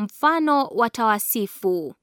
Mfano wa tawasifu